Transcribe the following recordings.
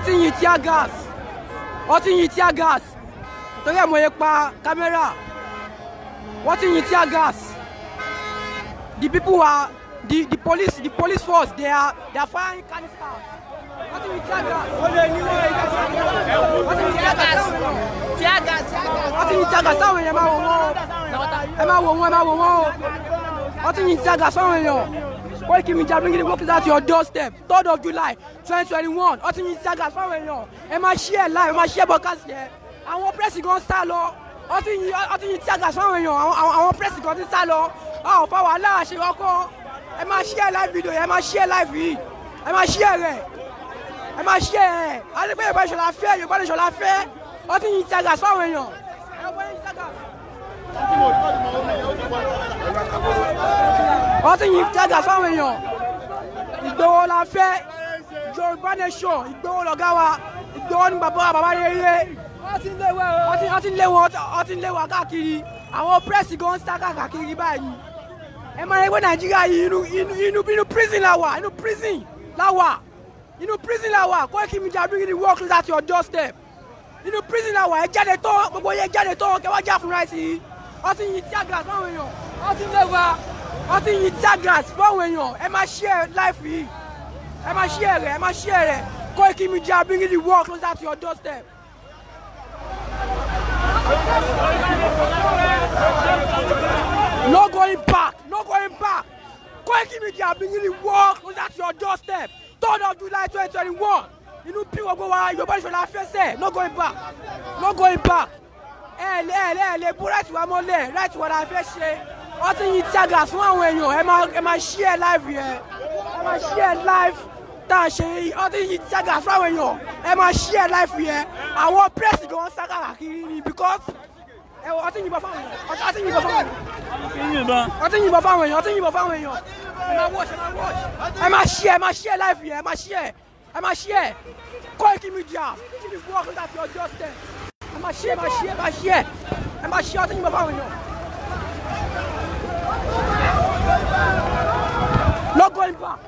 wọ́n ti yin tear gas wọ́n ti yin tear gas torí ẹ̀ mo yẹ pa kámẹ́rà wọ́n ti yin tear gas the people are the the police the police force they are they are firing canisters wọ́n ti yin tear gas wọ́n ti yin tear gas tear gas wọ́n ti yin tear gas sáwọn èèyàn máa wò wọ́n ẹ máa wò wọ́n ẹ máa wò wọ́n wọ́n ti yin tear gas sáwọn èèyàn. Koikimi Javelin Giving Work is at your doorstep third of July twenty twenty one Ọtúnjì Sagas fáwọn èèyàn ẹ máa share live ẹ máa share broadcast yẹn àwọn pírẹ́sì gan sá lọ Ọtúnjì Ọtúnjì Sagas fáwọn èèyàn àwọn pírẹ́sì gan ti sá lọ àwọn ọ̀fà wàhálà àṣẹ ọkọ ẹ máa share live video yẹn ẹ máa share live yìí ẹ máa share rẹ̀ ẹ máa share rẹ̀ alẹ́gbẹ́ Yorùbá Nation la fẹ́ Yorùbá Nation la fẹ́ Ọtúnjì Sagas fáwọn èèyàn ẹ wọ́n ti yìn jájà fáwọn èèyàn Ìgbòho la fẹ́ Yorùbá nation Ìgbòho lọ̀gá wa Ìgbòho ní bàbá wa bàbá yẹyẹ wọ́n ti ń lé wọn wọ́n ti ń lé wọn káàkiri àwọn pírẹ́sì gan ń sá káàkiri báyìí ẹ máa ń gbé Nàìjíríà yìí inú inú inú inú prison la wà inú prison la wà inú prison la wà Koiki Media bring the work closer to your doorstep inú prison la wà ẹ jáde tán gbogbo yẹn jáde tán kẹwàá jà fún ráìsì yìí wọ́n ti yin a gas fáwọn èèyàn wọ́n ti lé wa wọ́n ti yin tear gas fáwọn èèyàn ẹ máa share life yìí ẹ máa share rẹ̀ ẹ máa share rẹ̀ Koiki Media bringing the world closer to your doorstep. No going back, no going back. Koiki Media bringing the world closer to your doorstep. Third of July 2021. Inú bí gbogbo wa Yorùbá Nation la fẹ́ sẹ̀, no going back, no going back ẹ lé ẹ lé ẹ lé bú rẹ́ẹ̀tì wa mọ́lẹ̀ rẹ́ẹ̀tì wa la fẹ́ ṣe wọ́n ti yin tíaga fún àwọn èèyàn ẹ máa ẹ máa ṣí ẹ láìfì yẹn ẹ máa ṣí ẹ láìfì tá a ṣe wọ́n ti yin tíaga fún àwọn èèyàn ẹ máa ṣí ẹ láìfì yẹn àwọn pírẹ́sì gan sá kàkiri ni because ẹ wọ́n ti yìnbọn fáwọn èèyàn wọ́n ti yìnbọn fáwọn èèyàn wọ́n ti yìnbọn fáwọn èèyàn wọ́n ti yìnbọn fáwọn èèyàn ẹ máa wọ́ọ̀ṣ ẹ máa ṣí ẹ máa ṣí ẹ láìfì yẹn ẹ máa ṣí ẹ ẹ ẹ kọ́ ìkíni jà kí ni wọ́ọ̀kì láti ọjọ́ tẹ̀ máa ṣí ẹ máa ṣí ẹ máa ṣí ẹ ẹ máa ṣí ọtí yìnbọn fáwọn èèyàn. no going back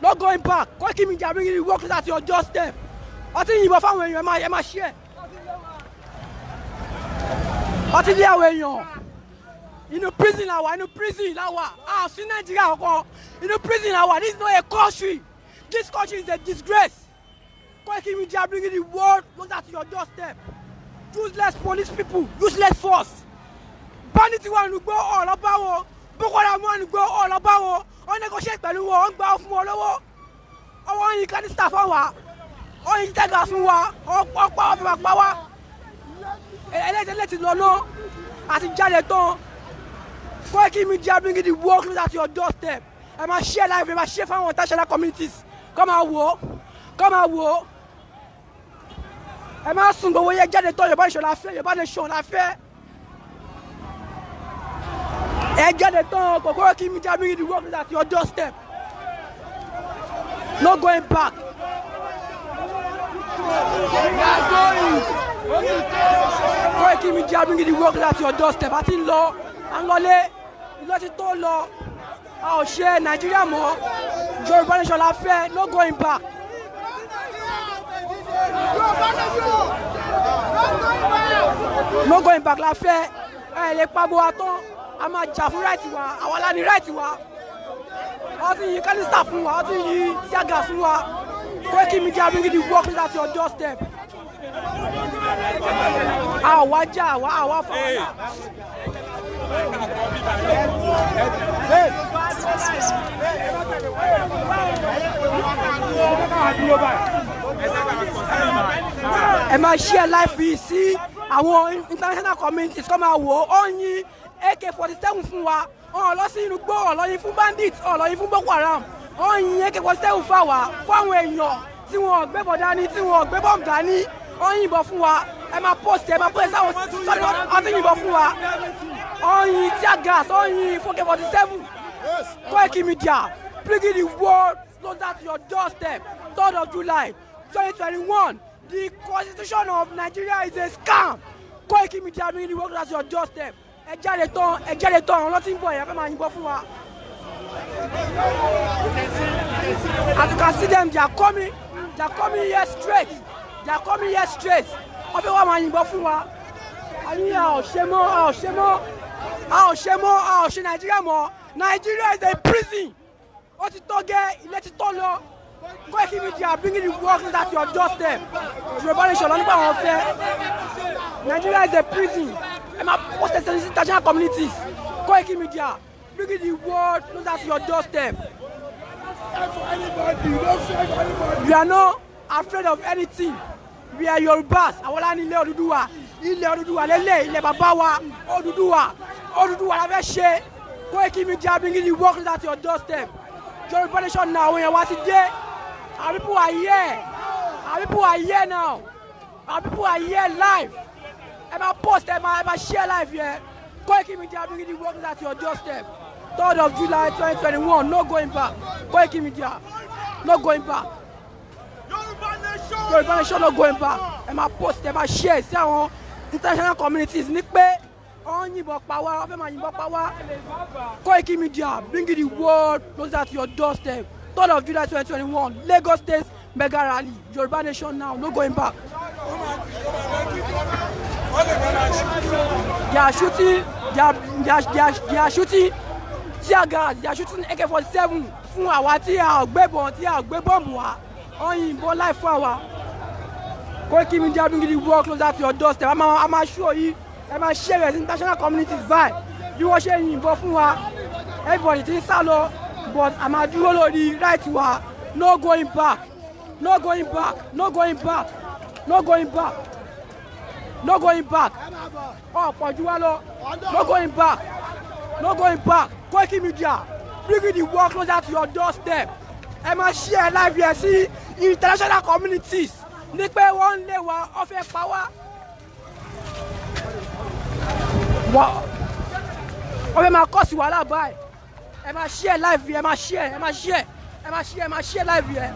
Not going back Koiki Media bring you work at your doorstep ọtí yìnbọn when you're? ẹ máa ẹ máa ṣí you ọtí when you're? In a prison la in a prison la ah, wà a sí Nàìjíríà kankan inú prison la wà this is not a country this country is a disgrace Koiki Media bring you the world closer to your doorstep useless police people useless force bandits wà nígbó ọ̀rọ̀ bá wọn boko haram wà nígbó ọ̀rọ̀ bá wọn wọ́n negotiate pẹ̀lú wọn wọ́n gba fún wọn lọ́wọ́ ọwọ́ yìí kanista fún wa wọ́n yìí tẹ́gà fún wa wọ́n pa wọ́n fẹ́ẹ́ pa wá eléyìí tẹ́lẹ̀ ti lọ ná àti jáde tán Koiki Media bringing the world closer to your doorstep ẹ máa share live ẹ máa share fáwọn international communities kọ́ máa wò ó kọ́ máa wò ó ẹ má sùn gbowó yẹ jáde tán Yorùbá nation la fẹ́ Yorùbá nation la fẹ́ ẹ jáde tán kòkòrò kí mi jáde the work is at your no going back. kòkòrò kí mi jáde the work is at your àti lọ à ìlọ ti tó lọ a ò ṣe Nàìjíríà mọ́ Yorùbá nation la fẹ́ no going back no going back la fẹ́ ẹ lè pa bo wa tán a máa jà fún ráìtì wa àwa la ní ráìtì wa wọ́n ti yí kẹ́lísítà fún wa wọ́n ti yí tíágà fún wa Koiki Media bring the work leader to your doorstep. àwa jà àwa àwa fà wá ẹ máa share live yìí sí àwọn international communities kọ́ máa wò ó yín ak forty seven fún wa ọ̀n lọ sí inú gbó ọ̀lọ́yin fún bandit ọ̀lọ́yin fún boko haram ọ̀n yin ak forty seven fún àwa fún àwọn èèyàn tí wọ́n gbé bọ̀ dání tí wọ́n gbé bọ̀ dání ọ̀n yìnbọn fún wa ẹ máa post ẹ máa post sáwọn sọ́dọ̀ ọtí yìnbọn fún wa ọ̀n yin tear gas ọ̀n yin fún ak forty seven Koiki Media bringing the world closer to your doorstep third of July 2021. The constitution of Nigeria is a scam. Koiki Media doing the work that's your doorstep. Ẹ jáde tán, ẹ jáde tán, àwọn ọlọ́tí ń bọ̀ yẹn fẹ́ máa yìnbọn fún wa. As you can see them, they are coming, they are coming here straight, they are coming here straight. Wọ́n fẹ́ wá máa yìnbọn fún wa. A ní a ò ṣe mọ́, a ò ṣe mọ́, a ò ṣe mọ́, a ò ṣe Nàìjíríà mọ́. Nigeria is a prison. Ó ti tọ́ gẹ́, ilé ti tọ́ lọ. Koiki Media bringing the world that you are just there. Yorùbá nation lọ́nà àwọn fẹ́. Nigeria is a prison. Ẹ máa post ẹsẹ̀ ní international communities. Koiki Media bringing the world that you are just there. We are not afraid of anything. We are Yorùbás. Àwọn láni ilé Odùduwà. Ilé Odùduwà lélẹ̀ ilẹ̀ bàbá wa Odùduwà. Odùduwà la fẹ́ ṣe. Koiki Media bringing the world that you are just there. Yorùbá nation náà àwọn èèyàn wá ti dé. Our people are here. Our people are here now. Our people are here live. And I post And I share live here. Koiki Media bringing the world at your doorstep. Third of July 2021. twenty no going back. Koiki Media no going back. Yorùbá nation Yorùbá nation no going back. Ẹ máa post ẹ máa share sí àwọn international communities ní pé wọ́n yìnbọn pa wá wọ́n fẹ́ máa yìnbọn pa wá. Koiki Media bringing the world closer to your doorstep. 3rd of July 2021, Lagos State mega rally, Yoruba Nation now, no going back. They are shooting, they are, they are, they are, they are shooting tear gas, they are shooting AK-47 fún àwa tí a gbébọn tí a gbébọ̀mù wa, wọ́n yìnbọn láì fún àwa. Koiki Media Odungidi work closer to your doorstep, a máa máa ṣú òyìn, ẹ máa ṣe sí international communities báyìí, bí wọ́n ṣe yìnbọn fún wa, everybody ti ń sá lọ but a máa dúró lórí right wa no going back no going back no going back no going back no going back ọ̀pọ̀ jù wá lọ no going back no going back Koiki Media bringing the work closer to your doorstep ẹ máa share live yẹn sí international communities ní pé wọ́n ń lé wa ó fẹ́ pa wá. wọ́n fẹ́ máa kọ́ sí wàhálà báyìí ẹ máa share live yẹ ẹ máa share ẹ máa share ẹ máa share ẹ máa share live yẹ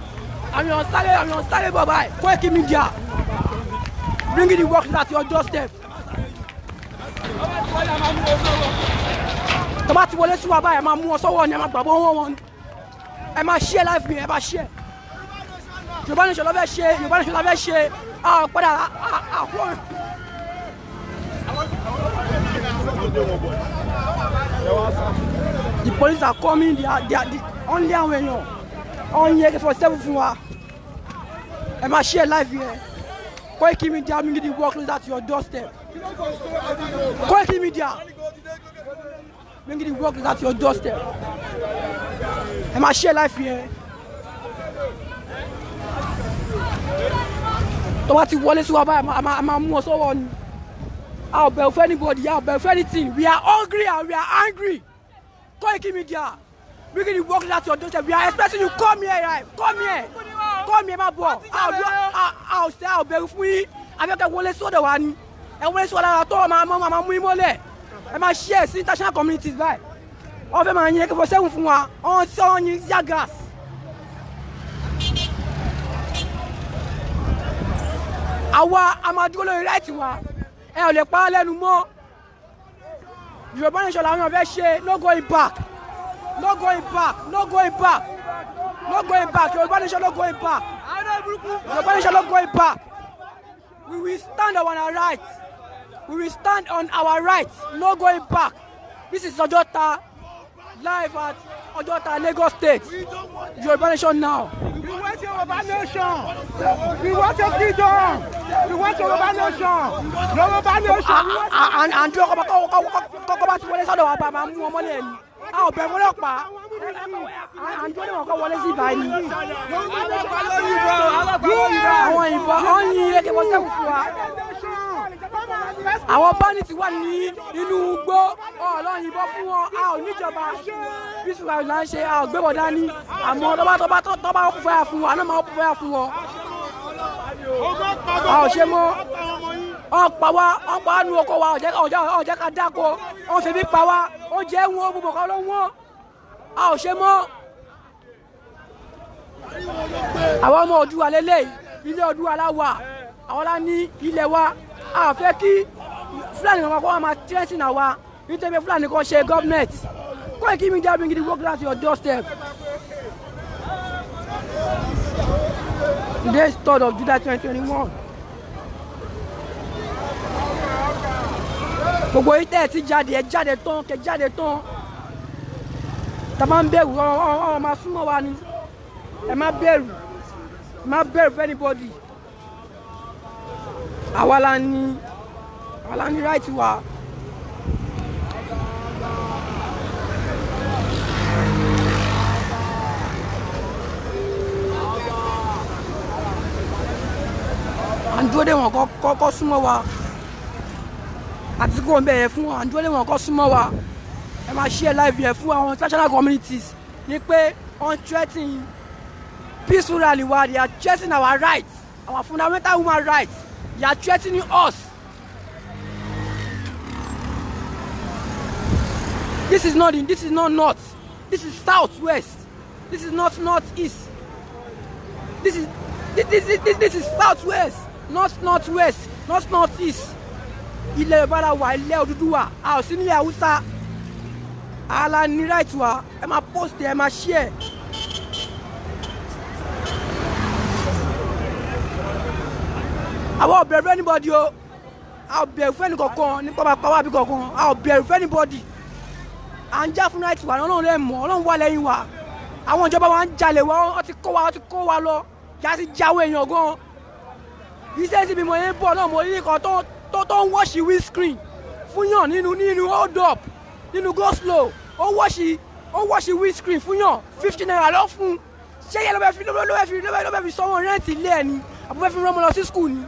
àwọn èèyàn sáré àwọn èèyàn sáré bọ̀ báyìí Koiki Media bring the work láti your doorstep. tó bá ti wọlé sí wa báyìí ẹ máa mú wọn sọ́wọ́ ni ẹ máa gbàgbọ́ wọn wọn ẹ máa share live yẹ ẹ máa share Yorùbá Nation ló fẹ́ ṣe Yorùbá Nation ló fẹ́ ṣe àwọn padà Thank you police are coming they are they are the only one. èèyàn wọ́n yẹ kẹfọ́ sẹ́fù fún wa ẹ máa ṣe ẹ láìpẹ́ yẹn Koiki Media bring the work closer at your doorstep Koiki Media bring the work closer at your doorstep ẹ máa share life here. yẹn tó bá ti wọlé sí wa my a máa mú ọ sọ́wọ́ ni a ò anybody I'll ò for anything we are hungry and we are angry. Koiki Media. We can work that your doorstep. We are expecting you come here, right? Come here. Come here, my boy. I'll stay, I'll beg fún yín. Afẹ́kẹ́ wọlé sọ́dọ̀ wa ni. Ẹ wọlé sọ́dọ̀ wa tó máa mọ́ máa mú ìmọ́lẹ̀. Ẹ máa share my international my báyìí. Wọ́n fẹ́ máa yin ẹ̀kẹ́ fọ́ sẹ́wọ̀n fún wa. Wọ́n sọ yin yagas. Àwa a máa dúró lórí right wa. Ẹ ò lè pa á lẹ́nu mọ́ yorùbá nation làwọn èèyàn fẹ́ ṣe no going back no going back no going back no going back yorùbá nation no going back yorùbá nation no going back we will stand on our right we will stand on our right no going back this is Ojota live at Ojota Lagos State yorùbá nation now. We want Yoruba nation. We want your freedom. We want Yoruba nation. Yoruba nation. Àǹtí ọkọ̀ bá kọ́kọ́ bá ti wọlé sọ́dọ̀ wa bá máa mú ọmọ lẹ̀ ni. A ò bẹ̀rù ọlọ́pàá. Àǹtí ọkọ̀ kọ́ wọlé sí ìbáyìí. Àwọn ìbọn ọ̀yìn AK forty seven fún wa àwọn báni ti wà ní inú igbó ọlọ́yìnbó fún wọn a ò níjọba bísí wa là ń ṣe àgbébọ̀ dání àmọ́ tọ́ba tọ́ba tọ́ba ó fẹ́ fún wa àná máa ó fẹ́ fún wọn. a ò ṣe mọ́ ọ̀pá wa ọ̀pá nu oko wa ọ̀jẹ́ ká dáko wọ́n fi mí pa wa ó jẹ́ wọn gbogbo kan ló wọ́n a ò ṣe mọ́. àwọn ọmọ Oòduà lélẹ̀ ilé Oòduà la wà àwọn la ní ilẹ̀ wa a fẹ́ kí Fúlàní kan kọ́ wa máa tẹ́sí náà wa nítorí Fúlàní kan ṣe gọ́ọ̀mẹ̀tì. Koiki Media bringing the workers to your doorstep. Today is of July 2021. Gbogbo yìí tẹ́ ẹ ti jáde ẹ jáde tán kẹ jáde tán. Ta máa ń bẹ̀rù ọ̀rọ̀ máa súnmọ́ wa ni. Ẹ má bẹ̀rù ẹ bẹ̀rù for anybody. Àwa la ní àwa la ní right wa. à ń dúró dé wọn kọ́kọ́ súnmọ́ wa àti kò ń bẹ̀rẹ̀ fún à ń dúró dé wọn kọ́ súnmọ́ wa ẹ máa share live yẹn fún àwọn international communities ní pé on threatening peaceful rally wa they are threatening our rights our fundamental human rights they are threatening us. This is not in, this is not north. This is south west. This is not north east. This is this, this, this, this, is south west north north west north north east ilẹ̀ yorùbá la wà ilẹ̀ Odùduwà a ò sí nílẹ̀ haúsá ala ní right wa ẹ máa post ẹ máa share. àwọn ò bẹ̀rù fún anybody o a ò bẹ̀rù fún ẹnìkankan nípa bàbá kankan a ò bẹ̀rù fún anybody à ń jà fún right wa ọlọ́run lè mọ̀ ọlọ́run wà lẹ́yìn wa àwọn ìjọba wa ń jalè wa wọ́n ti kó wa wọ́n ti kó wa lọ yàtí jáwé èèyàn gan-an iṣẹ́ sì bí mo yẹn bọ̀ náà mo rí nǹkan tó tó ń wọ́ọ̀ṣì windscreen fún yàn nínú nínú hold up nínú go slow ó wọ́ọ̀ṣì ó wọ́ọ̀ṣì windscreen fún yàn fifty naira ló fún ṣé yẹn ló bẹ fi ló bẹ fi ló bẹ fi sọ́wọ́n rẹ́ǹtì ilé ẹ̀ ni àbúrò bẹ fi rán ọmọ lọ sí skul ni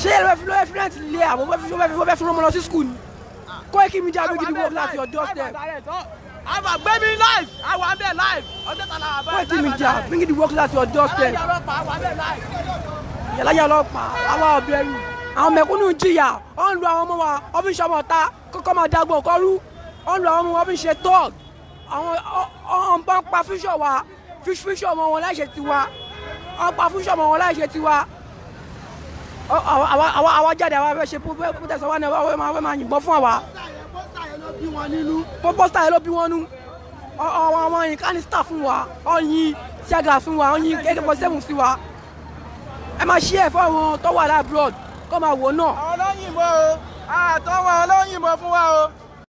ṣé yẹn ló bẹ fi ló bẹ fi rẹ́ǹtì ilé àbúrò bẹ fi ló bẹ fi rán ọmọ lọ sí skul ni kọ́ ẹ̀kí mi jáwé gidi wọ́n láti ọjọ́ step àwa gbé mi live àwa ń bẹ live ọjọ́ tàlà àbá ẹ̀ dábàá live. wọ́n ti mi jà mí kì í work láti ọjọ́ step. àyà ọlọ́pàá àwa ń bẹ live yàláyà ọlọ́pàá àwa ọ̀bẹ̀rù àwọn mẹ̀kúnnù jìyà ó lu àwọn ọmọ wa ó ṣọmọ ta kọ́kọ́ máa dagbọ̀n kọ́rú ó lu àwọn ọmọ wa ó ṣe tọ́ọ̀g àwọn ọ̀n ń pa fíṣọ̀ wa fíṣọ̀ ọmọ wọn láìṣe tiwa ọ̀n pa fíṣọ̀ ọmọ wọn láìṣe tiwa àwa jáde àwa fẹ́ ṣe pọ́tẹ́sọ̀ wa ni àwa fẹ́ máa yìnbọn fún àwa. pọ́pọ́sítà yẹn ló bí wọn nú àwọn àwọn yìí kánísítà fún wa ọ̀yìn ṣẹ́gà fún wa ọ̀yìn kẹ́kẹ́ pọ̀ sẹ́mù sí wa ẹ máa ṣí ẹ̀ fáwọn tó wà láàbúrò kó máa wò náà. àwọn olóyìnbó o ah, àtọwọ́ olóyìnbó fún wa o.